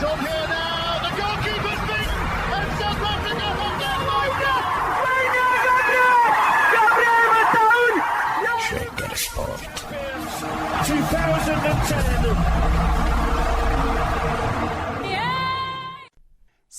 Job here now.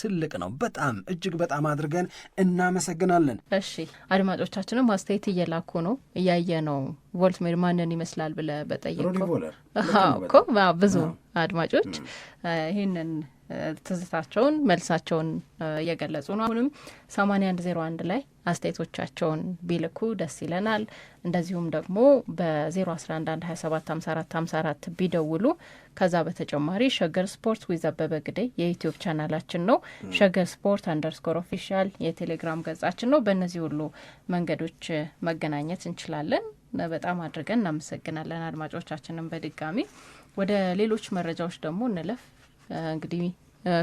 ትልቅ ነው። በጣም እጅግ በጣም አድርገን እናመሰግናለን። እሺ አድማጮቻችንም አስተያየት እየላኩ ነው፣ እያየ ነው። ቮልትሜድ ማንን ይመስላል ብለ በጠየቀው ብዙ አድማጮች ይህንን ትዝታቸውን መልሳቸውን እየገለጹ ነው። አሁንም ሰማኒያ አንድ ዜሮ አንድ ላይ አስተያየቶቻቸውን ቢልኩ ደስ ይለናል። እንደዚሁም ደግሞ በዜሮ አስራ አንድ አንድ ሀያ ሰባት ሀምሳ አራት ሀምሳ አራት ቢደውሉ ከዛ በተጨማሪ ሸገር ስፖርት ዊዝ አበበ ግደይ የዩቲዩብ ቻናላችን ነው። ሸገር ስፖርት አንደርስኮር ኦፊሻል የቴሌግራም ገጻችን ነው። በእነዚህ ሁሉ መንገዶች መገናኘት እንችላለን። በጣም አድርገን እናመሰግናለን አድማጮቻችንን። በድጋሚ ወደ ሌሎች መረጃዎች ደግሞ እንለፍ። እንግዲህ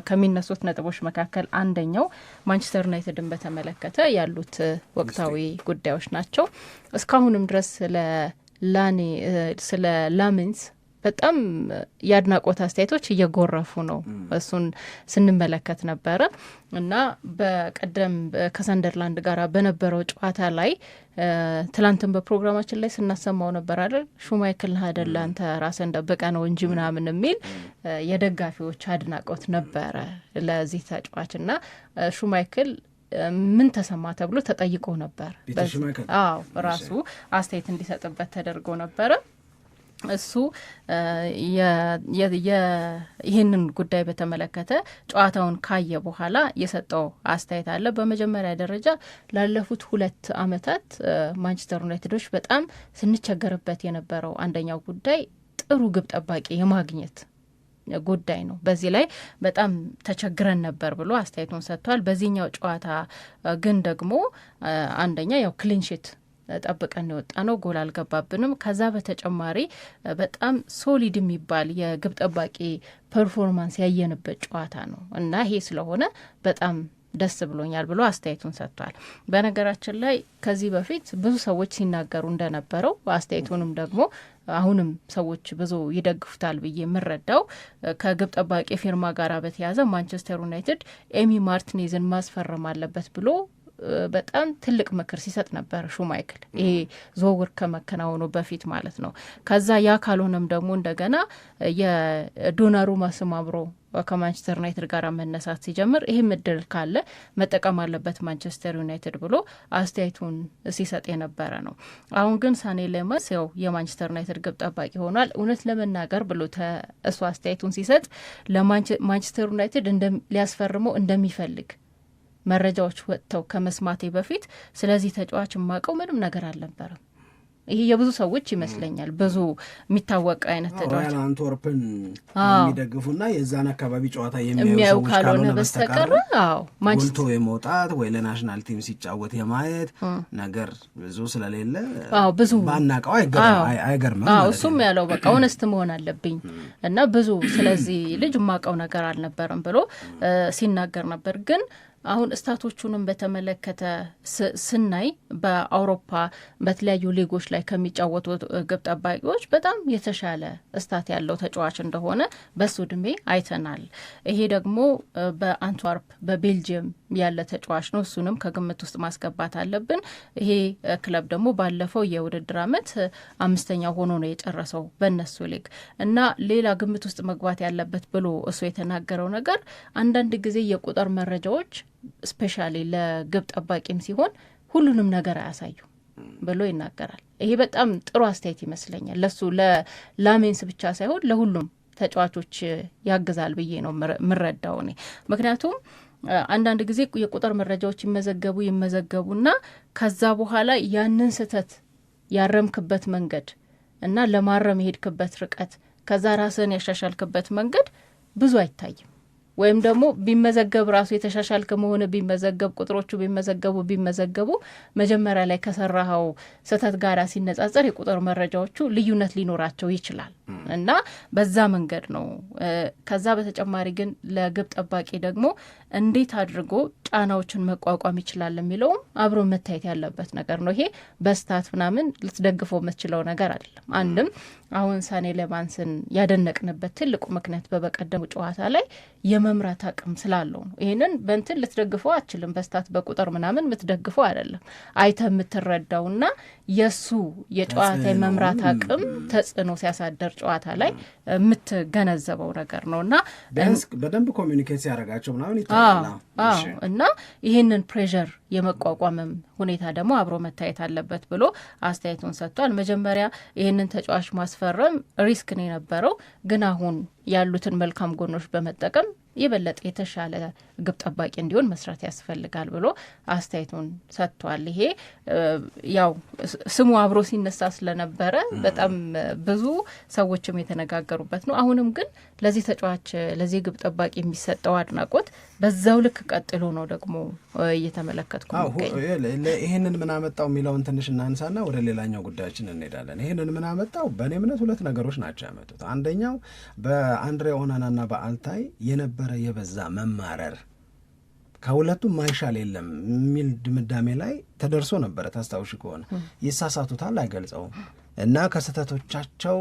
ከሚነሱት ነጥቦች መካከል አንደኛው ማንቸስተር ዩናይትድን በተመለከተ ያሉት ወቅታዊ ጉዳዮች ናቸው። እስካሁንም ድረስ ስለ ላኔ ስለ ላሜንስ በጣም የአድናቆት አስተያየቶች እየጎረፉ ነው። እሱን ስንመለከት ነበረ እና በቀደም ከሰንደርላንድ ጋር በነበረው ጨዋታ ላይ ትላንትን በፕሮግራማችን ላይ ስናሰማው ነበር አይደል? ሹማይክል አይደል አንተ ራስን ደብቀህ ነው እንጂ ምናምን የሚል የደጋፊዎች አድናቆት ነበረ ለዚህ ተጫዋች እና ሹማይክል ምን ተሰማ ተብሎ ተጠይቆ ነበር። አዎ ራሱ አስተያየት እንዲሰጥበት ተደርጎ ነበረ። እሱ ይህንን ጉዳይ በተመለከተ ጨዋታውን ካየ በኋላ የሰጠው አስተያየት አለ። በመጀመሪያ ደረጃ ላለፉት ሁለት ዓመታት ማንቸስተር ዩናይትዶች በጣም ስንቸገርበት የነበረው አንደኛው ጉዳይ ጥሩ ግብ ጠባቂ የማግኘት ጉዳይ ነው። በዚህ ላይ በጣም ተቸግረን ነበር ብሎ አስተያየቱን ሰጥቷል። በዚህኛው ጨዋታ ግን ደግሞ አንደኛ ያው ክሊንሽት ጠብቀን የወጣ ነው። ጎል አልገባብንም። ከዛ በተጨማሪ በጣም ሶሊድ የሚባል የግብ ጠባቂ ፐርፎርማንስ ያየንበት ጨዋታ ነው እና ይሄ ስለሆነ በጣም ደስ ብሎኛል ብሎ አስተያየቱን ሰጥቷል። በነገራችን ላይ ከዚህ በፊት ብዙ ሰዎች ሲናገሩ እንደነበረው አስተያየቱንም ደግሞ አሁንም ሰዎች ብዙ ይደግፉታል ብዬ የምረዳው ከግብ ጠባቂ ፊርማ ጋር በተያያዘ ማንቸስተር ዩናይትድ ኤሚ ማርቲኔዝን ማስፈረም አለበት ብሎ በጣም ትልቅ ምክር ሲሰጥ ነበር ሹማይክል ይሄ ዝውውር ከመከናወኑ በፊት ማለት ነው። ከዛ ያ ካልሆነም ደግሞ እንደገና የዶናሩማ ስም አብሮ ከማንቸስተር ዩናይትድ ጋር መነሳት ሲጀምር ይህም እድል ካለ መጠቀም አለበት ማንቸስተር ዩናይትድ ብሎ አስተያየቱን ሲሰጥ የነበረ ነው። አሁን ግን ሳኔ ላመንስ ያው የማንቸስተር ዩናይትድ ግብ ጠባቂ ሆኗል። እውነት ለመናገር ብሎ እሱ አስተያየቱን ሲሰጥ ለማንቸስተር ዩናይትድ ሊያስፈርመው እንደሚፈልግ መረጃዎች ወጥተው ከመስማቴ በፊት ስለዚህ ተጫዋች የማውቀው ምንም ነገር አልነበረም። ይሄ የብዙ ሰዎች ይመስለኛል። ብዙ የሚታወቅ አይነት ተጫዋች አንትወርፕን የሚደግፉና የዛን አካባቢ ጨዋታ የሚያዩ ካልሆነ በስተቀር ጎልቶ የመውጣት ወይ ለናሽናል ቲም ሲጫወት የማየት ነገር ብዙ ስለሌለ ብዙ ባናቀው አይገርምም። እሱም ያለው በቃ ኦነስት መሆን አለብኝ እና ብዙ ስለዚህ ልጅ የማውቀው ነገር አልነበረም ብሎ ሲናገር ነበር ግን አሁን እስታቶቹንም በተመለከተ ስናይ በአውሮፓ በተለያዩ ሊጎች ላይ ከሚጫወቱ ግብ ጠባቂዎች በጣም የተሻለ እስታት ያለው ተጫዋች እንደሆነ በሱ እድሜ አይተናል። ይሄ ደግሞ በአንትዋርፕ በቤልጅየም ያለ ተጫዋች ነው። እሱንም ከግምት ውስጥ ማስገባት አለብን። ይሄ ክለብ ደግሞ ባለፈው የውድድር ዓመት አምስተኛ ሆኖ ነው የጨረሰው በእነሱ ሊግ እና ሌላ ግምት ውስጥ መግባት ያለበት ብሎ እሱ የተናገረው ነገር አንዳንድ ጊዜ የቁጥር መረጃዎች ስፔሻሊ ለግብ ጠባቂም ሲሆን ሁሉንም ነገር አያሳዩ ብሎ ይናገራል። ይሄ በጣም ጥሩ አስተያየት ይመስለኛል። ለሱ ለላሜንስ ብቻ ሳይሆን ለሁሉም ተጫዋቾች ያግዛል ብዬ ነው የምረዳው እኔ ምክንያቱም አንዳንድ ጊዜ የቁጥር መረጃዎች ይመዘገቡ ይመዘገቡና ከዛ በኋላ ያንን ስህተት ያረምክበት መንገድ እና ለማረም የሄድክበት ርቀት ከዛ ራስን ያሻሻልክበት መንገድ ብዙ አይታይም። ወይም ደግሞ ቢመዘገብ ራሱ የተሻሻል ከመሆነ ቢመዘገብ ቁጥሮቹ ቢመዘገቡ ቢመዘገቡ መጀመሪያ ላይ ከሰራኸው ስህተት ጋር ሲነጻጸር የቁጥር መረጃዎቹ ልዩነት ሊኖራቸው ይችላል እና በዛ መንገድ ነው። ከዛ በተጨማሪ ግን ለግብ ጠባቂ ደግሞ እንዴት አድርጎ ጫናዎችን መቋቋም ይችላል የሚለውም አብሮ መታየት ያለበት ነገር ነው። ይሄ በስታት ምናምን ልትደግፈው የምትችለው ነገር አይደለም። አንድም አሁን ሳኔ ለማንስን ያደነቅንበት ትልቁ ምክንያት በበቀደሙ ጨዋታ ላይ የመምራት አቅም ስላለው ነው። ይህንን በንትን ልትደግፈው አትችልም። በስታት በቁጥር ምናምን የምትደግፈው አይደለም። አይተ የምትረዳው ና የእሱ የጨዋታ የመምራት አቅም ተጽዕኖ ሲያሳደር ጨዋታ ላይ የምትገነዘበው ነገር ነው እና በደንብ ኮሚኒኬት ሲያደርጋቸው ምናምን እና ይህንን ፕሬዠር የመቋቋምም ሁኔታ ደግሞ አብሮ መታየት አለበት ብሎ አስተያየቱን ሰጥቷል። መጀመሪያ ይህንን ተጫዋች ማስፈረም ሪስክ ነው የነበረው፣ ግን አሁን ያሉትን መልካም ጎኖች በመጠቀም የበለጠ የተሻለ ግብ ጠባቂ እንዲሆን መስራት ያስፈልጋል ብሎ አስተያየቱን ሰጥቷል። ይሄ ያው ስሙ አብሮ ሲነሳ ስለነበረ በጣም ብዙ ሰዎችም የተነጋገሩበት ነው። አሁንም ግን ለዚህ ተጫዋች ለዚህ ግብ ጠባቂ የሚሰጠው አድናቆት በዛው ልክ ቀጥሎ ነው ደግሞ እየተመለከትኩ ይህንን ምናመጣው የሚለውን ትንሽ እናንሳና ወደ ሌላኛው ጉዳያችን እንሄዳለን። ይህንን ምናመጣው በእኔ እምነት ሁለት ነገሮች ናቸው ያመጡት። አንደኛው በአንድሬ ኦናና በአልታይ የነበ ነበረ የበዛ መማረር ከሁለቱም ማይሻል የለም የሚል ድምዳሜ ላይ ተደርሶ ነበረ። ታስታውሽ ከሆነ ይሳሳቱታል፣ አይገልጸውም እና ከስህተቶቻቸው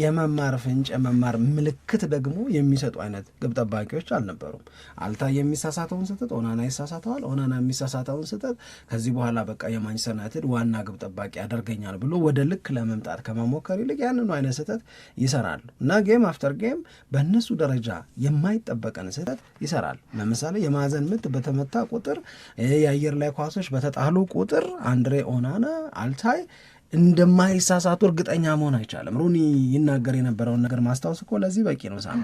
የመማር ፍንጭ የመማር ምልክት ደግሞ የሚሰጡ አይነት ግብ ጠባቂዎች አልነበሩም። አልታ የሚሳሳተውን ስህተት ኦናና ይሳሳተዋል፣ ኦናና የሚሳሳተውን ስህተት ከዚህ በኋላ በቃ የማንቸስተር ዩናይትድ ዋና ግብ ጠባቂ ያደርገኛል ብሎ ወደ ልክ ለመምጣት ከመሞከር ይልቅ ያንኑ አይነት ስህተት ይሰራሉ እና ጌም አፍተር ጌም በእነሱ ደረጃ የማይጠበቀን ስህተት ይሰራል። ለምሳሌ የማዕዘን ምት በተመታ ቁጥር፣ የአየር ላይ ኳሶች በተጣሉ ቁጥር አንድሬ ኦናና አልታይ እንደማይሳሳቱ እርግጠኛ መሆን አይቻልም። ሩኒ ይናገር የነበረውን ነገር ማስታወስ እኮ ለዚህ በቂ ነው። ሳ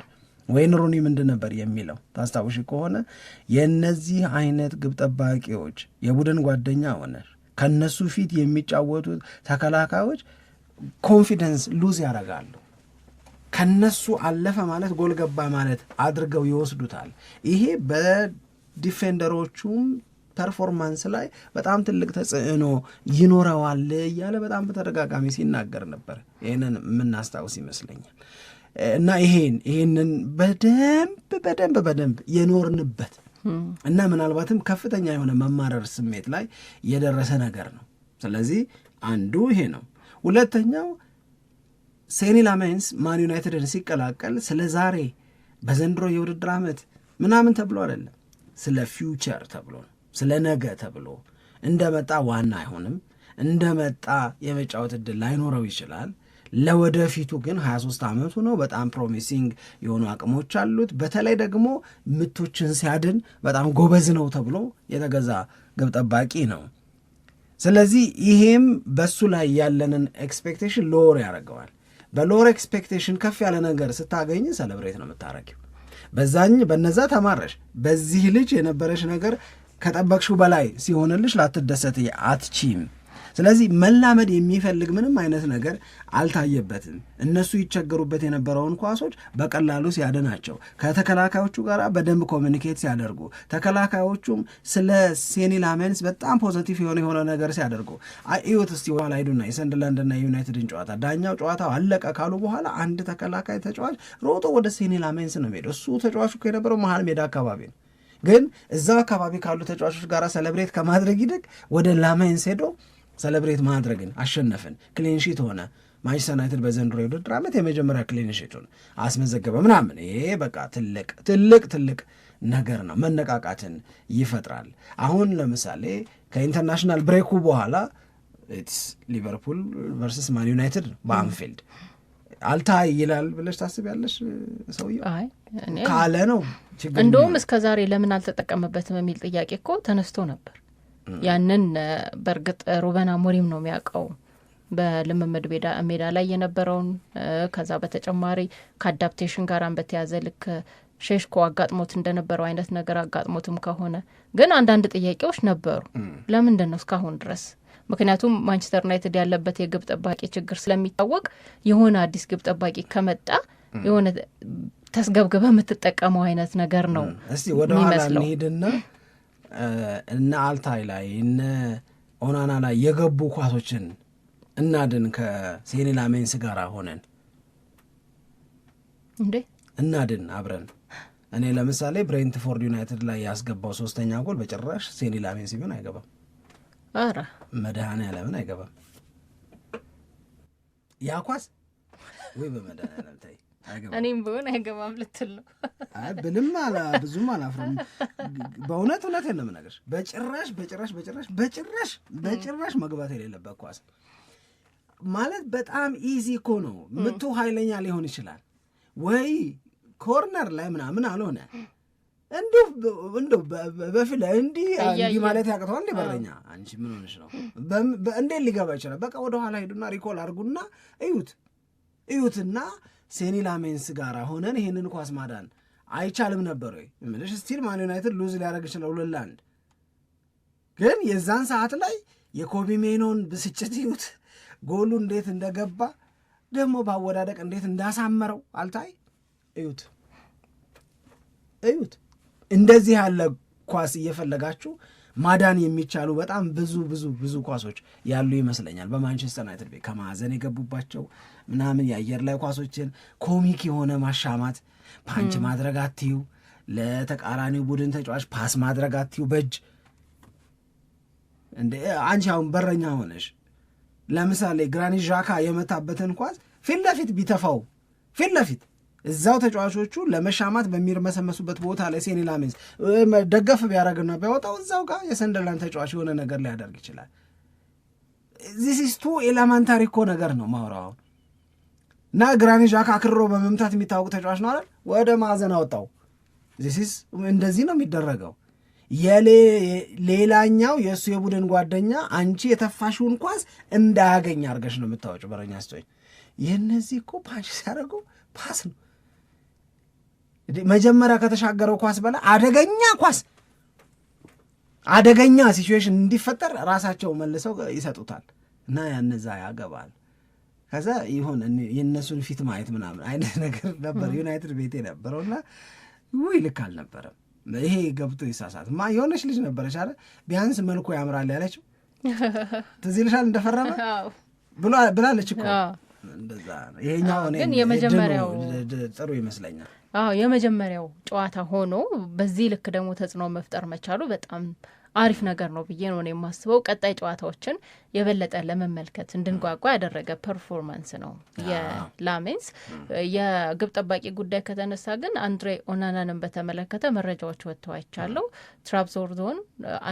ወይን ሩኒ ምንድን ነበር የሚለው ታስታውሽ ከሆነ የእነዚህ አይነት ግብ ጠባቂዎች የቡድን ጓደኛ ሆነሽ ከእነሱ ፊት የሚጫወቱት ተከላካዮች ኮንፊደንስ ሉዝ ያደርጋሉ። ከነሱ አለፈ ማለት ጎል ገባ ማለት አድርገው ይወስዱታል። ይሄ በዲፌንደሮቹም ፐርፎርማንስ ላይ በጣም ትልቅ ተጽዕኖ ይኖረዋል እያለ በጣም በተደጋጋሚ ሲናገር ነበር። ይህንን የምናስታውስ ይመስለኛል። እና ይሄን ይሄንን በደንብ በደንብ በደንብ የኖርንበት እና ምናልባትም ከፍተኛ የሆነ መማረር ስሜት ላይ የደረሰ ነገር ነው። ስለዚህ አንዱ ይሄ ነው። ሁለተኛው ሴኒ ላሜንስ ማን ዩናይትድን ሲቀላቀል ስለ ዛሬ በዘንድሮ የውድድር ዓመት ምናምን ተብሎ አይደለም፣ ስለ ፊውቸር ተብሎ ነው። ስለ ነገ ተብሎ እንደመጣ ዋና አይሆንም። እንደመጣ የመጫወት ዕድል ላይኖረው ይችላል። ለወደፊቱ ግን 23 ዓመቱ ነው። በጣም ፕሮሚሲንግ የሆኑ አቅሞች አሉት። በተለይ ደግሞ ምቶችን ሲያድን በጣም ጎበዝ ነው ተብሎ የተገዛ ግብ ጠባቂ ነው። ስለዚህ ይሄም በሱ ላይ ያለንን ኤክስፔክቴሽን ሎር ያደርገዋል። በሎር ኤክስፔክቴሽን ከፍ ያለ ነገር ስታገኝ ሰለብሬት ነው የምታረጊው። በዛኝ በነዛ ተማረሽ፣ በዚህ ልጅ የነበረሽ ነገር ከጠበቅሽው በላይ ሲሆንልሽ ላትደሰት አትቺም። ስለዚህ መላመድ የሚፈልግ ምንም አይነት ነገር አልታየበትም። እነሱ ይቸገሩበት የነበረውን ኳሶች በቀላሉ ሲያድናቸው፣ ከተከላካዮቹ ጋር በደንብ ኮሚኒኬት ሲያደርጉ፣ ተከላካዮቹም ስለ ሴኒ ላሜንስ በጣም ፖዘቲቭ የሆነ የሆነ ነገር ሲያደርጉ አዩት። እስቲ ኋላ ሂዱና የሰንደርላንድና የዩናይትድን ጨዋታ ዳኛው ጨዋታው አለቀ ካሉ በኋላ አንድ ተከላካይ ተጫዋች ሮጦ ወደ ሴኒ ላሜንስ ነው ሄደው። እሱ ተጫዋቹ የነበረው መሀል ሜዳ አካባቢ ነው ግን እዛው አካባቢ ካሉ ተጫዋቾች ጋር ሰለብሬት ከማድረግ ይልቅ ወደ ላማይንስ ሄዶ ሰለብሬት ማድረግን አሸነፍን፣ ክሊንሺት ሆነ ማንቸስተር ዩናይትድ በዘንድሮ የውድድር ዓመት የመጀመሪያ ክሊንሽቱን አስመዘገበ ምናምን። ይሄ በቃ ትልቅ ትልቅ ትልቅ ነገር ነው። መነቃቃትን ይፈጥራል። አሁን ለምሳሌ ከኢንተርናሽናል ብሬኩ በኋላ ሊቨርፑል ቨርስስ ማን ዩናይትድ በአንፊልድ አልታይ ይላል ብለሽ ታስቢያለሽ? ሰውየው ካለ ነው እንደውም እስከ ዛሬ ለምን አልተጠቀመበትም የሚል ጥያቄ እኮ ተነስቶ ነበር። ያንን በእርግጥ ሩበን አሞሪም ነው የሚያውቀው በልምምድ ሜዳ ላይ የነበረውን ከዛ በተጨማሪ ከአዳፕቴሽን ጋር በተያዘ ልክ ሼሽኮ አጋጥሞት እንደነበረው አይነት ነገር አጋጥሞትም ከሆነ ግን አንዳንድ ጥያቄዎች ነበሩ። ለምንድን ነው እስካሁን ድረስ ምክንያቱም ማንቸስተር ዩናይትድ ያለበት የግብ ጠባቂ ችግር ስለሚታወቅ የሆነ አዲስ ግብ ጠባቂ ከመጣ የሆነ ተስገብግበ የምትጠቀመው አይነት ነገር ነው። እስቲ ወደ ኋላ እንሄድና እነ አልታይ ላይ እነ ኦናና ላይ የገቡ ኳሶችን እናድን ላሜንስ ጋር ሆነን እንዴ እናድን አብረን እኔ ለምሳሌ ብሬንትፎርድ ዩናይትድ ላይ ያስገባው ሶስተኛ ጎል በጭራሽ ሴኔላሜንስ ቢሆን አይገባም። ኧረ መድኃኔዓለምን አይገባም። ያ ኳስ ወይ በመድኃኔዓለም ታይ እኔም ብሆን አይገባም ልትል ነው። ብንም ብዙም አላፍርም። በእውነት እውነት የለም ነገር በጭራሽ በጭራሽ በጭራሽ በጭራሽ በጭራሽ መግባት የሌለበት ኳስ ማለት በጣም ኢዚ እኮ ነው። ምቱ ኃይለኛ ሊሆን ይችላል ወይ ኮርነር ላይ ምናምን አልሆነ እንዲሁ እንዲሁ በፊት እንዲህ እንዲህ ማለት ያቅተዋል። እንዲ በረኛ አንቺ ምን ሆነሽ ነው? እንዴት ሊገባ ይችላል? በቃ ወደኋላ ሄዱና ሪኮል አድርጉና እዩት እዩትና ሴኒ ላሜንስ ጋር ሆነን ይህንን ኳስ ማዳን አይቻልም ነበር ወይ ምልሽ። ስቲል ማን ዩናይትድ ሉዝ ሊያደርግ ይችላል ሁለላንድ ግን የዛን ሰዓት ላይ የኮቢ ሜኖን ብስጭት እዩት፣ ጎሉ እንዴት እንደገባ ደግሞ በአወዳደቅ እንዴት እንዳሳመረው አልታይ እዩት እዩት እንደዚህ ያለ ኳስ እየፈለጋችሁ ማዳን የሚቻሉ በጣም ብዙ ብዙ ብዙ ኳሶች ያሉ ይመስለኛል። በማንቸስተር ዩናይትድ ቤት ከማዕዘን የገቡባቸው ምናምን የአየር ላይ ኳሶችን ኮሚክ የሆነ ማሻማት፣ ፓንች ማድረግ አትዩ፣ ለተቃራኒው ቡድን ተጫዋች ፓስ ማድረግ አትዩ በእጅ እንደ አንቺ አሁን በረኛ ሆነሽ ለምሳሌ ግራኒት ዣካ የመታበትን ኳስ ፊት ለፊት ቢተፋው ፊት ለፊት እዛው ተጫዋቾቹ ለመሻማት በሚርመሰመሱበት ቦታ ላይ ሴኒ ላሜንስ ደገፍ ቢያደርግና ቢያወጣው እዛው ጋር የሰንደርላንድ ተጫዋች የሆነ ነገር ሊያደርግ ይችላል። ዚስቱ ኤላማንታሪ እኮ ነገር ነው ማውራው እና ግራኒት ዣካ አክርሮ በመምታት የሚታወቅ ተጫዋች ነው አይደል? ወደ ማዕዘን አወጣው። ዚስ እንደዚህ ነው የሚደረገው። ሌላኛው የእሱ የቡድን ጓደኛ አንቺ የተፋሽውን ኳስ እንዳያገኝ አድርገሽ ነው የምታወጭ በረኛ ስቶች። የእነዚህ እኮ ፓንች ሲያደርገው ፓስ ነው መጀመሪያ ከተሻገረው ኳስ በላይ አደገኛ ኳስ አደገኛ ሲቹዌሽን እንዲፈጠር ራሳቸው መልሰው ይሰጡታል እና ያነዛ ያገባል። ከዛ ይሁን የእነሱን ፊት ማየት ምናምን አይነት ነገር ነበር ዩናይትድ ቤት እና ውይ ልክ አልነበረም። ይሄ ገብቶ ይሳሳት ማ የሆነች ልጅ ነበረች አለ ቢያንስ መልኩ ያምራል ያለችው ትዝ ይልሻል እንደፈረመ ብላለች እኮ ይሄኛው ግን የመጀመሪያው ጥሩ ይመስለኛል። አዎ የመጀመሪያው ጨዋታ ሆኖ በዚህ ልክ ደግሞ ተጽዕኖ መፍጠር መቻሉ በጣም አሪፍ ነገር ነው ብዬ ነው የማስበው። ቀጣይ ጨዋታዎችን የበለጠ ለመመልከት እንድንጓጓ ያደረገ ፐርፎርማንስ ነው የላሜንስ። የግብ ጠባቂ ጉዳይ ከተነሳ ግን አንድሬ ኦናናንን በተመለከተ መረጃዎች ወጥተው አይቻለሁ። ትራብዞር ዞን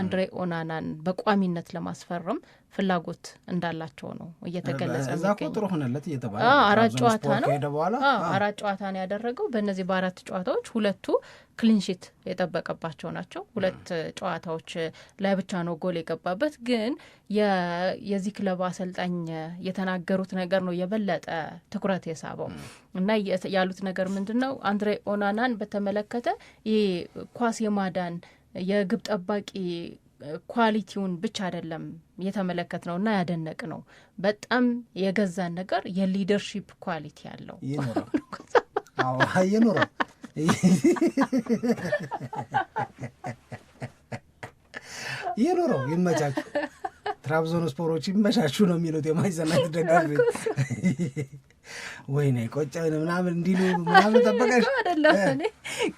አንድሬ ኦናናን በቋሚነት ለማስፈረም ፍላጎት እንዳላቸው ነው እየተገለጸ አራት ጨዋታ ነው አራት ጨዋታ ነው ያደረገው። በእነዚህ በአራት ጨዋታዎች ሁለቱ ክሊንሺት የጠበቀባቸው ናቸው። ሁለት ጨዋታዎች ላይ ብቻ ነው ጎል የገባበት። ግን የዚህ ክለብ አሰልጣኝ የተናገሩት ነገር ነው የበለጠ ትኩረት የሳበው እና ያሉት ነገር ምንድን ነው አንድሬ ኦናናን በተመለከተ ይህ ኳስ የማዳን የግብ ጠባቂ ኳሊቲውን ብቻ አይደለም የተመለከት ነው እና ያደነቅ ነው። በጣም የገዛን ነገር የሊደርሺፕ ኳሊቲ አለው ይኑረ ይኑረው፣ ይመቻችሁ፣ ትራብዞን ስፖሮች ይመቻችሁ ነው የሚሉት የማይዘናት ደጋፊ ወይኔ ቆጨ ምናምን እንዲሉ ምናምን ጠበቀሽ አይደለም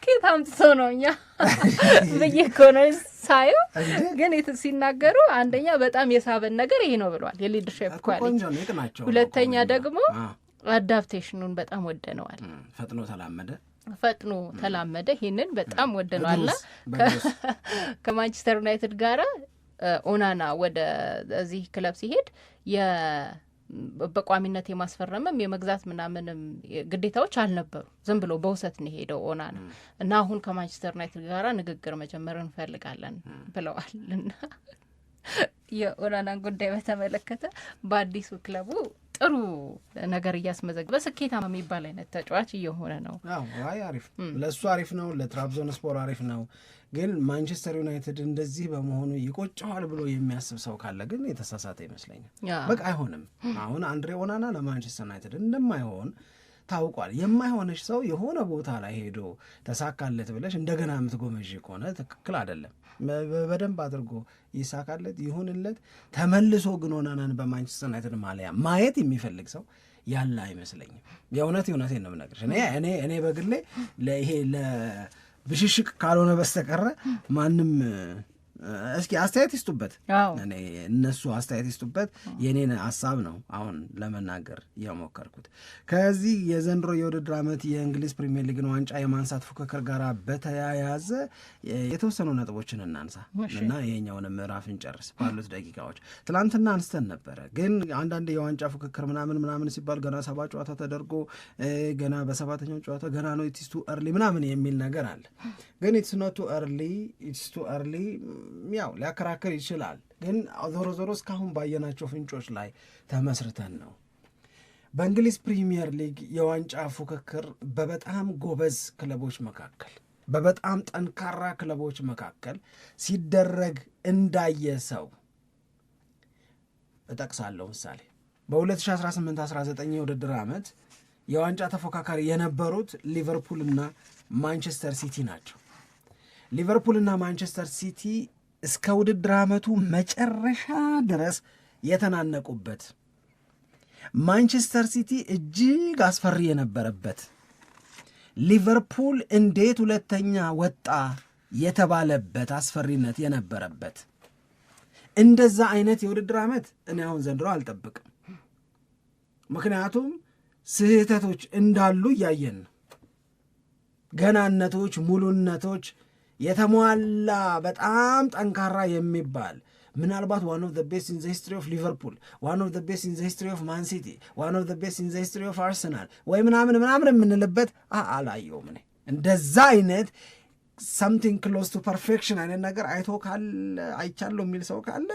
ኬታም ሰው ነው እኛ ብዬ ኮነስ ሳዩ ግን ሲናገሩ አንደኛ በጣም የሳበን ነገር ይሄ ነው ብለዋል፣ የሊደርሽፕ ኳሊቲ። ሁለተኛ ደግሞ አዳፕቴሽኑን በጣም ወደነዋል። ፈጥኖ ተላመደ ፈጥኖ ተላመደ። ይህንን በጣም ወደነዋልና ከማንቸስተር ዩናይትድ ጋር ኦናና ወደዚህ ክለብ ሲሄድ በቋሚነት የማስፈረምም የመግዛት ምናምንም ግዴታዎች አልነበሩ። ዝም ብሎ በውሰት ነው ኦና ነው እና አሁን ከማንቸስተር ዩናይትድ ጋራ ንግግር መጀመር እንፈልጋለን ብለዋል እና የኦናናን ጉዳይ በተመለከተ በአዲሱ ክለቡ ጥሩ ነገር እያስመዘገበ ስኬታማ የሚባል አይነት ተጫዋች እየሆነ ነው። አይ አሪፍ ለእሱ አሪፍ ነው፣ ለትራብዞን ስፖር አሪፍ ነው። ግን ማንቸስተር ዩናይትድ እንደዚህ በመሆኑ ይቆጨዋል ብሎ የሚያስብ ሰው ካለ ግን የተሳሳተ ይመስለኛል። በቃ አይሆንም። አሁን አንድሬ ኦናና ለማንቸስተር ዩናይትድ እንደማይሆን ታውቋል። የማይሆነች ሰው የሆነ ቦታ ላይ ሄዶ ተሳካለት ብለሽ እንደገና የምትጎመዥ ከሆነ ትክክል አይደለም። በደንብ አድርጎ ይሳካለት ይሁንለት። ተመልሶ ግን ኦናናን በማንቸስተር ዩናይትድ ማሊያ ማየት የሚፈልግ ሰው ያለ አይመስለኝም። የእውነት የእውነቴን ነው የምነግርሽ። እኔ እኔ በግሌ ለይሄ ለብሽሽቅ ካልሆነ በስተቀረ ማንም እስኪ አስተያየት ይስጡበት። እኔ እነሱ አስተያየት ይስጡበት። የእኔን ሀሳብ ነው አሁን ለመናገር የሞከርኩት። ከዚህ የዘንድሮ የውድድር ዓመት የእንግሊዝ ፕሪሚየር ሊግን ዋንጫ የማንሳት ፉክክር ጋር በተያያዘ የተወሰኑ ነጥቦችን እናንሳ እና ይሄኛውን ምዕራፍን ጨርስ ባሉት ደቂቃዎች። ትናንትና አንስተን ነበረ፣ ግን አንዳንድ የዋንጫ ፉክክር ምናምን ምናምን ሲባል ገና ሰባ ጨዋታ ተደርጎ ገና በሰባተኛው ጨዋታ ገና ነው ኢትስቱ ርሊ ምናምን የሚል ነገር አለ። ግን ኢትስ ኖት ቱ ኢትስቱ ኢትስ ያው ሊያከራከር ይችላል። ግን ዞሮ ዞሮ እስካሁን ባየናቸው ፍንጮች ላይ ተመስርተን ነው በእንግሊዝ ፕሪሚየር ሊግ የዋንጫ ፉክክር በበጣም ጎበዝ ክለቦች መካከል በበጣም ጠንካራ ክለቦች መካከል ሲደረግ እንዳየ ሰው እጠቅሳለሁ። ምሳሌ በ2018/19 የውድድር ዓመት የዋንጫ ተፎካካሪ የነበሩት ሊቨርፑልና ማንቸስተር ሲቲ ናቸው። ሊቨርፑልና ማንቸስተር ሲቲ እስከ ውድድር ዓመቱ መጨረሻ ድረስ የተናነቁበት ማንቸስተር ሲቲ እጅግ አስፈሪ የነበረበት ሊቨርፑል እንዴት ሁለተኛ ወጣ የተባለበት አስፈሪነት የነበረበት እንደዛ አይነት የውድድር ዓመት እኔ አሁን ዘንድሮ አልጠብቅም። ምክንያቱም ስህተቶች እንዳሉ እያየን ገናነቶች፣ ሙሉነቶች የተሟላ በጣም ጠንካራ የሚባል ምናልባት ዋን ኦፍ ዘ ቤስት ኢን ዘ ሂስትሪ ኦፍ ሊቨርፑል ዋን ኦፍ ዘ ቤስት ኢን ዘ ሂስትሪ ኦፍ ማን ሲቲ ዋን ኦፍ ዘ ቤስት ኢን ዘ ሂስትሪ ኦፍ አርሰናል ወይ ምናምን ምናምን የምንልበት አላየውም። እኔ እንደዛ አይነት ሰምቲንግ ክሎዝ ቱ ፐርፌክሽን አይነት ነገር አይቶ ካለ አይቻለሁ የሚል ሰው ካለ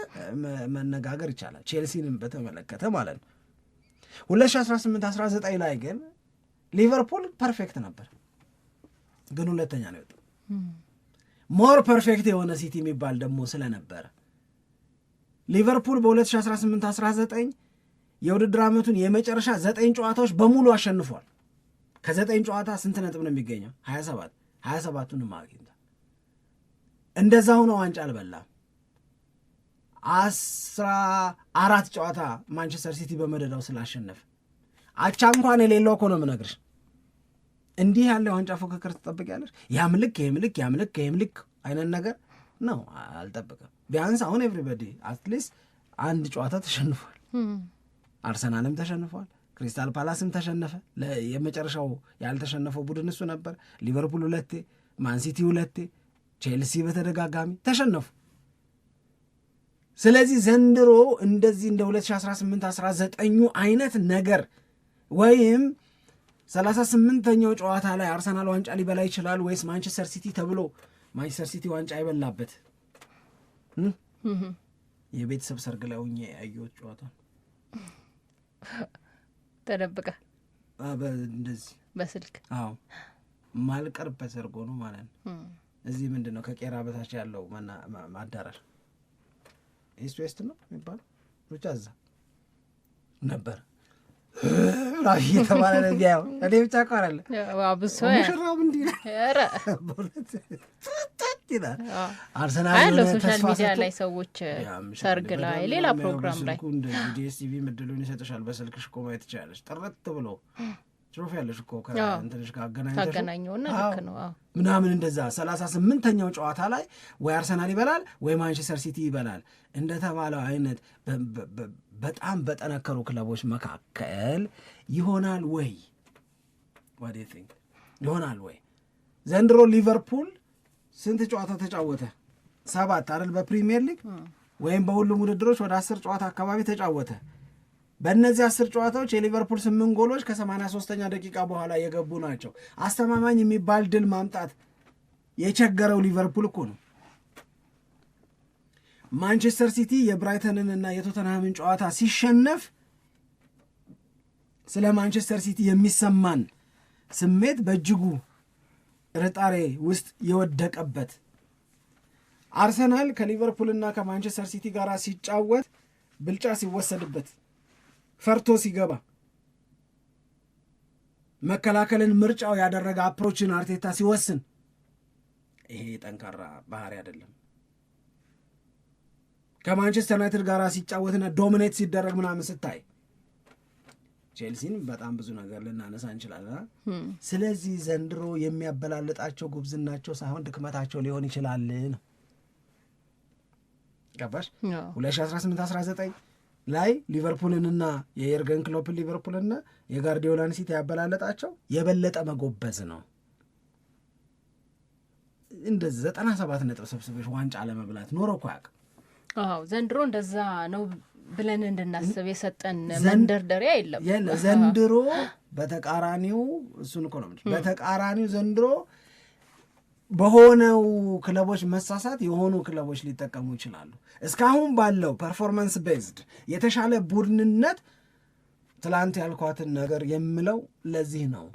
መነጋገር ይቻላል። ቼልሲንም በተመለከተ ማለት ነው። 2018/19 ላይ ግን ሊቨርፑል ፐርፌክት ነበር፣ ግን ሁለተኛ ነው የወጣው ሞር ፐርፌክት የሆነ ሲቲ የሚባል ደግሞ ስለነበረ ሊቨርፑል በ2018/19 የውድድር ዓመቱን የመጨረሻ ዘጠኝ ጨዋታዎች በሙሉ አሸንፏል። ከዘጠኝ ጨዋታ ስንት ነጥብ ነው የሚገኘው? 27 27ቱንም አግኝቷል። እንደዛ ሆኖ ዋንጫ አልበላም። አስራ አራት ጨዋታ ማንቸስተር ሲቲ በመደዳው ስላሸነፈ አቻ እንኳን የሌለው እኮ ነው የምነግርሽ። እንዲህ ያለ ዋንጫ ፉክክር ትጠብቂያለሽ? ያም ልክ ይህም ልክ ያም ልክ ይህም ልክ አይነት ነገር ነው አልጠብቅም። ቢያንስ አሁን ኤቭሪበዲ አትሊስት አንድ ጨዋታ ተሸንፏል። አርሰናልም ተሸንፏል፣ ክሪስታል ፓላስም ተሸነፈ። የመጨረሻው ያልተሸነፈው ቡድን እሱ ነበር። ሊቨርፑል ሁለቴ፣ ማንሲቲ ሁለቴ፣ ቼልሲ በተደጋጋሚ ተሸነፉ። ስለዚህ ዘንድሮ እንደዚህ እንደ 2018 19 አይነት ነገር ወይም ሰላሳ ስምንተኛው ጨዋታ ላይ አርሰናል ዋንጫ ሊበላ ይችላል ወይስ ማንቸስተር ሲቲ ተብሎ ማንቸስተር ሲቲ ዋንጫ አይበላበት የቤተሰብ ሰርግ ላይ ሁኜ ያየሁት ጨዋታ ተደብቃ እንደዚህ በስልክ አዎ ማልቀርበት ሰርጎ ነው ማለት ነው። እዚህ ምንድን ነው ከቄራ በታች ያለው አዳራሽ ኢስት ዌስት ነው የሚባለው ብቻ እዛ ነበር። እየተባለ ነው እኔ ብቻ አርሰናል ሶሻል ሚዲያ ላይ ሰዎች ሰርግ ላይ፣ ሌላ ፕሮግራም ላይ ዲኤስቲቪ ምድሉን ይሰጥሻል። በስልክሽ እኮ ማየት ጥርት ብሎ ያለሽ እኮ ከእንትንሽ ጋር ልክ ነው ምናምን እንደዛ ሰላሳ ስምንተኛው ጨዋታ ላይ ወይ አርሰናል ይበላል ወይ ማንቸስተር ሲቲ ይበላል እንደተባለው አይነት በጣም በጠነከሩ ክለቦች መካከል ይሆናል ወይ ይሆናል ወይ? ዘንድሮ ሊቨርፑል ስንት ጨዋታ ተጫወተ? ሰባት አይደል? በፕሪሚየር ሊግ ወይም በሁሉም ውድድሮች ወደ አስር ጨዋታ አካባቢ ተጫወተ። በእነዚህ አስር ጨዋታዎች የሊቨርፑል ስምንት ጎሎች ከሰማንያ ሶስተኛ ደቂቃ በኋላ የገቡ ናቸው። አስተማማኝ የሚባል ድል ማምጣት የቸገረው ሊቨርፑል እኮ ነው። ማንቸስተር ሲቲ የብራይተንንና የቶተንሃምን ጨዋታ ሲሸነፍ ስለ ማንቸስተር ሲቲ የሚሰማን ስሜት በእጅጉ ጥርጣሬ ውስጥ የወደቀበት አርሰናል ከሊቨርፑልና ከማንቸስተር ሲቲ ጋር ሲጫወት ብልጫ ሲወሰድበት ፈርቶ ሲገባ መከላከልን ምርጫው ያደረገ አፕሮችን አርቴታ ሲወስን ይሄ ጠንካራ ባህሪ አይደለም። ከማንቸስተር ዩናይትድ ጋር ሲጫወትና ዶሚኔት ሲደረግ ምናምን ስታይ ቼልሲን በጣም ብዙ ነገር ልናነሳ እንችላለን። hmm. ስለዚህ ዘንድሮ የሚያበላልጣቸው ጉብዝናቸው ሳይሆን ድክመታቸው ሊሆን ይችላል ነው። ገባሽ? 2018/19 ላይ ሊቨርፑልንና የኤርገን ክሎፕን ሊቨርፑልና የጋርዲዮላን ሲቲ ያበላለጣቸው የበለጠ መጎበዝ ነው። እንደ 97 ነጥብ ሰብስበሽ ዋንጫ ለመብላት ኖሮ እኮ ዘንድሮ እንደዛ ነው ብለን እንድናስብ የሰጠን መንደርደሪያ የለም። ዘንድሮ በተቃራኒው እሱን እኮ ነው በተቃራኒው ዘንድሮ በሆነው ክለቦች መሳሳት የሆኑ ክለቦች ሊጠቀሙ ይችላሉ። እስካሁን ባለው ፐርፎርማንስ ቤዝድ የተሻለ ቡድንነት ትላንት ያልኳትን ነገር የምለው ለዚህ ነው።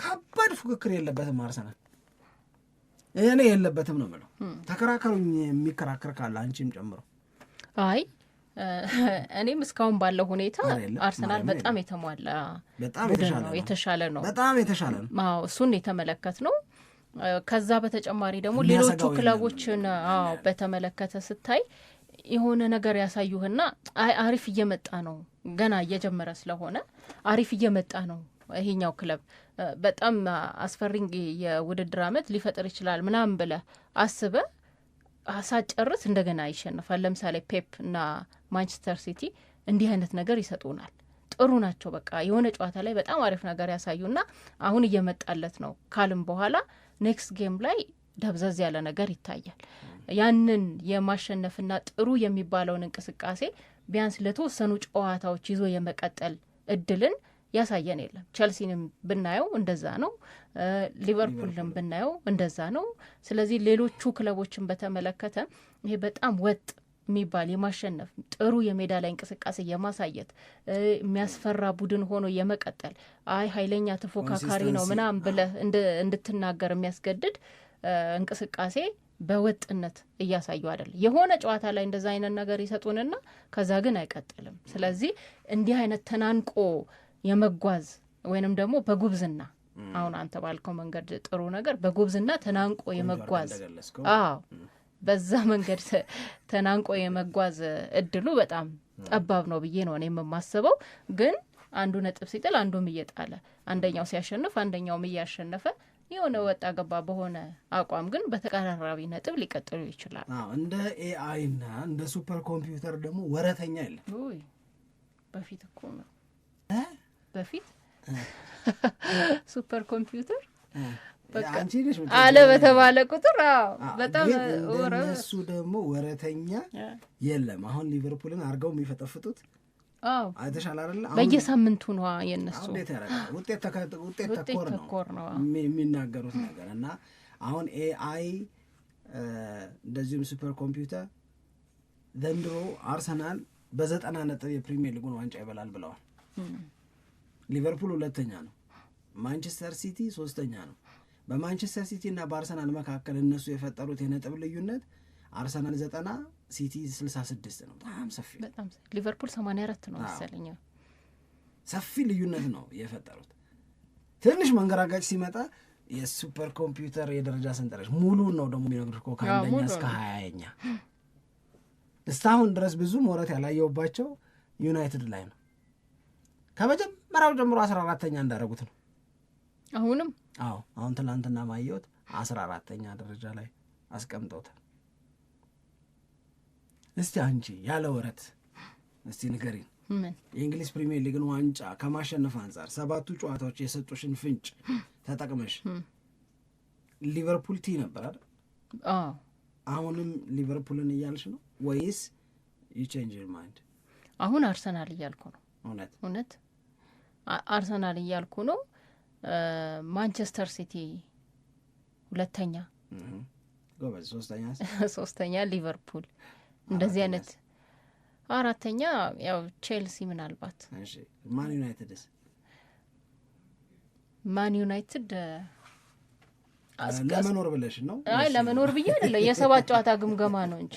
ከባድ ፉክክር የለበትም አርሰናል እኔ የለበትም ነው የምለው። ተከራከሩኝ፣ የሚከራከር ካለ አንቺም ጨምሮ። አይ እኔም እስካሁን ባለው ሁኔታ አርሰናል በጣም የተሟላ ነው፣ የተሻለ ነው፣ በጣም የተሻለ ነው። እሱን የተመለከት ነው። ከዛ በተጨማሪ ደግሞ ሌሎቹ ክለቦችን አዎ በተመለከተ ስታይ የሆነ ነገር ያሳዩህና አሪፍ እየመጣ ነው፣ ገና እየጀመረ ስለሆነ አሪፍ እየመጣ ነው ይሄኛው ክለብ በጣም አስፈሪ የውድድር አመት ሊፈጥር ይችላል ምናምን ብለ አስበ ሳጨርስ እንደገና ይሸንፋል። ለምሳሌ ፔፕ እና ማንቸስተር ሲቲ እንዲህ አይነት ነገር ይሰጡናል። ጥሩ ናቸው። በቃ የሆነ ጨዋታ ላይ በጣም አሪፍ ነገር ያሳዩና አሁን እየመጣለት ነው ካልም በኋላ ኔክስት ጌም ላይ ደብዘዝ ያለ ነገር ይታያል። ያንን የማሸነፍና ጥሩ የሚባለውን እንቅስቃሴ ቢያንስ ለተወሰኑ ጨዋታዎች ይዞ የመቀጠል እድልን ያሳየን የለም። ቸልሲንም ብናየው እንደዛ ነው። ሊቨርፑልም ብናየው እንደዛ ነው። ስለዚህ ሌሎቹ ክለቦችን በተመለከተ ይሄ በጣም ወጥ የሚባል የማሸነፍ ጥሩ የሜዳ ላይ እንቅስቃሴ የማሳየት የሚያስፈራ ቡድን ሆኖ የመቀጠል አይ ኃይለኛ ተፎካካሪ ነው ምናምን ብለህ እንድትናገር የሚያስገድድ እንቅስቃሴ በወጥነት እያሳዩ አይደለም። የሆነ ጨዋታ ላይ እንደዛ አይነት ነገር ይሰጡንና ከዛ ግን አይቀጥልም። ስለዚህ እንዲህ አይነት ተናንቆ የመጓዝ ወይንም ደግሞ በጉብዝና አሁን አንተ ባልከው መንገድ ጥሩ ነገር በጉብዝና ተናንቆ የመጓዝ አዎ በዛ መንገድ ተናንቆ የመጓዝ እድሉ በጣም ጠባብ ነው ብዬ ነው የምማስበው። ግን አንዱ ነጥብ ሲጥል አንዱም እየጣለ አንደኛው ሲያሸንፍ አንደኛውም እያሸነፈ የሆነ ወጣ ገባ በሆነ አቋም ግን በተቀራራቢ ነጥብ ሊቀጥሉ ይችላል። እንደ ኤአይና እንደ ሱፐር ኮምፒውተር ደግሞ ወረተኛ የለም። በፊት እኮ ነው በፊት ሱፐር ኮምፒውተር አለ በተባለ ቁጥር በጣም ደግሞ ወረተኛ የለም። አሁን ሊቨርፑልን አድርገው የሚፈጠፍጡት አይተሻል አይደለ? በየሳምንቱ ነ የነሱ ውጤት ተኮር ነው የሚናገሩት ነገር እና አሁን ኤአይ እንደዚሁም ሱፐር ኮምፒውተር ዘንድሮ አርሰናል በዘጠና ነጥብ የፕሪሚየር ሊጉን ዋንጫ ይበላል ብለዋል። ሊቨርፑል ሁለተኛ ነው። ማንቸስተር ሲቲ ሶስተኛ ነው። በማንቸስተር ሲቲ እና በአርሰናል መካከል እነሱ የፈጠሩት የነጥብ ልዩነት አርሰናል ዘጠና ሲቲ ስልሳ ስድስት ነው። በጣም ሰፊ ሊቨርፑል ሰማንያ አራት ነው መሰለኝ። ሰፊ ልዩነት ነው የፈጠሩት። ትንሽ መንገራጋጭ ሲመጣ የሱፐር ኮምፒውተር የደረጃ ሰንጠረዥ ሙሉን ነው ደግሞ የሚነግርሽ እኮ ከአንደኛ እስከ ሀያኛ እስካሁን ድረስ ብዙ መውረት ያላየውባቸው ዩናይትድ ላይ ነው ከመጀመሪያው ጀምሮ አስራ አራተኛ እንዳደረጉት ነው። አሁንም አዎ፣ አሁን ትናንትና ማየሁት አስራ አራተኛ ደረጃ ላይ አስቀምጠውታል። እስቲ አንቺ ያለ ወረት እስቲ ንገሪን የእንግሊዝ ፕሪሚየር ሊግን ዋንጫ ከማሸነፍ አንጻር ሰባቱ ጨዋታዎች የሰጡሽን ፍንጭ ተጠቅመሽ ሊቨርፑል ቲ ነበር አይደል? አሁንም ሊቨርፑልን እያልሽ ነው ወይስ ዩ ቼንጅ ማይንድ? አሁን አርሰናል እያልኩ ነው። እውነት እውነት አርሰናል እያልኩ ነው። ማንቸስተር ሲቲ ሁለተኛ፣ ሶስተኛ ሊቨርፑል፣ እንደዚህ አይነት አራተኛ ያው ቼልሲ ምናልባት ማን ዩናይትድ ማን ዩናይትድ ለመኖር ብለሽ ነው? አይ ለመኖር ብዬ አይደለ፣ የሰባት ጨዋታ ግምገማ ነው እንጂ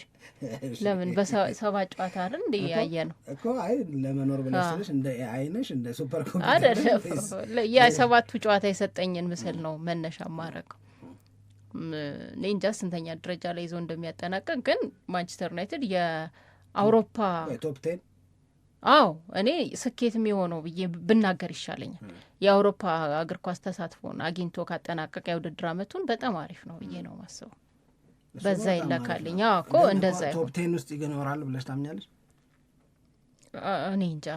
ለምን በሰባት ጨዋታ አይደል እንደ ያየ ነው እኮ። አይ ለመኖር ብለሽ እንደ አይነሽ እንደ ሱፐር ኮምፒውተር አይደለም፣ የሰባቱ ጨዋታ የሰጠኝን ምስል ነው መነሻ ማረገው። እኔ እንጃ ስንተኛ ደረጃ ላይ ይዞ እንደሚያጠናቀቅ ግን ማንቸስተር ዩናይትድ የአውሮፓ ቶፕ ቴን አዎ እኔ ስኬት የሚሆነው ብዬ ብናገር ይሻለኛል። የአውሮፓ እግር ኳስ ተሳትፎን አግኝቶ ካጠናቀቀ የውድድር አመቱን በጣም አሪፍ ነው ብዬ ነው ማስበው። በዛ ይለካልኝ እኮ እንደዛ ቶፕቴን ውስጥ ይኖራል ብለሽ ታምኛለች? እኔ እንጃ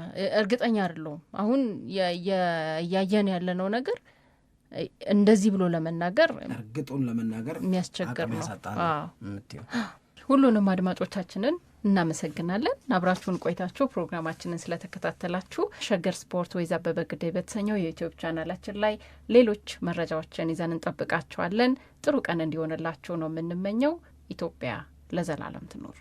እርግጠኛ አይደለሁም። አሁን እያየን ያለነው ነገር እንደዚህ ብሎ ለመናገር እርግጡን ለመናገር የሚያስቸግር ነው። ሁሉንም አድማጮቻችንን እናመሰግናለን። አብራችሁን ቆይታችሁ ፕሮግራማችንን ስለተከታተላችሁ ሸገር ስፖርት ወይዛ አበበ ግዳይ በተሰኘው የዩቲዩብ ቻናላችን ላይ ሌሎች መረጃዎችን ይዘን እንጠብቃችኋለን። ጥሩ ቀን እንዲሆንላችሁ ነው የምንመኘው። ኢትዮጵያ ለዘላለም ትኖር።